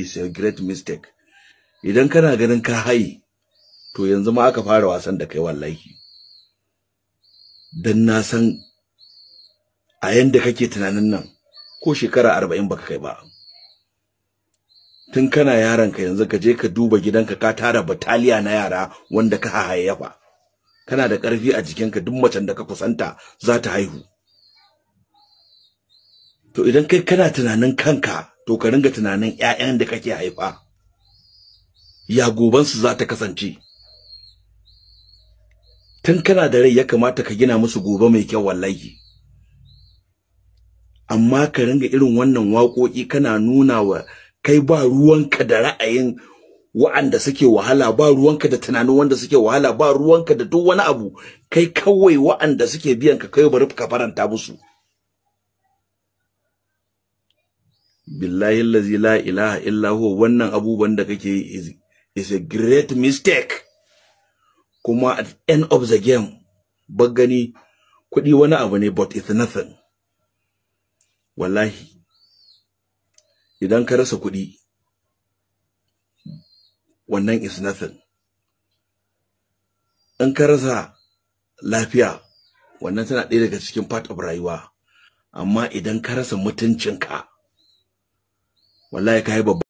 is a great mistake idan kana ganin ka haye to yanzu ma aka fara wasan da kai wallahi dan na san a yanda kake tunanin nan ko shekara arba'in baka kai ba tun kana yaron ka yanzu ka je ka duba gidanka ka tara bataliya na yara wanda ka hayayyafa kana da ƙarfi a jikinka duk macen da ka kusanta za ta haihu to idan kai kana tunanin kanka to ka ringa tunanin ƴaƴan da kake haifa ya goban su za ta kasance tun kana da rai ya kamata ka gina musu gobe mai kyau wallahi amma ka ringa irin wannan waƙoƙi kana nuna wa kai ba ruwanka da ra'ayin wa'anda suke wahala ba ruwanka da tunanin wanda suke wahala ba ruwanka da duk wani abu kai kawai wa'anda suke biyan ka kai bari ka faranta musu billahi allazi la ilaha illa huwa wannan abubuwan da kake yi is a great mistake kuma at end of the game bagani kuɗi wani abu ne but it's nothing wallahi idan ka rasa kuɗi wannan is nothing in ka rasa lafiya wannan tana ɗaya daga cikin part of rayuwa amma idan ka rasa mutuncinka wallahi kai babba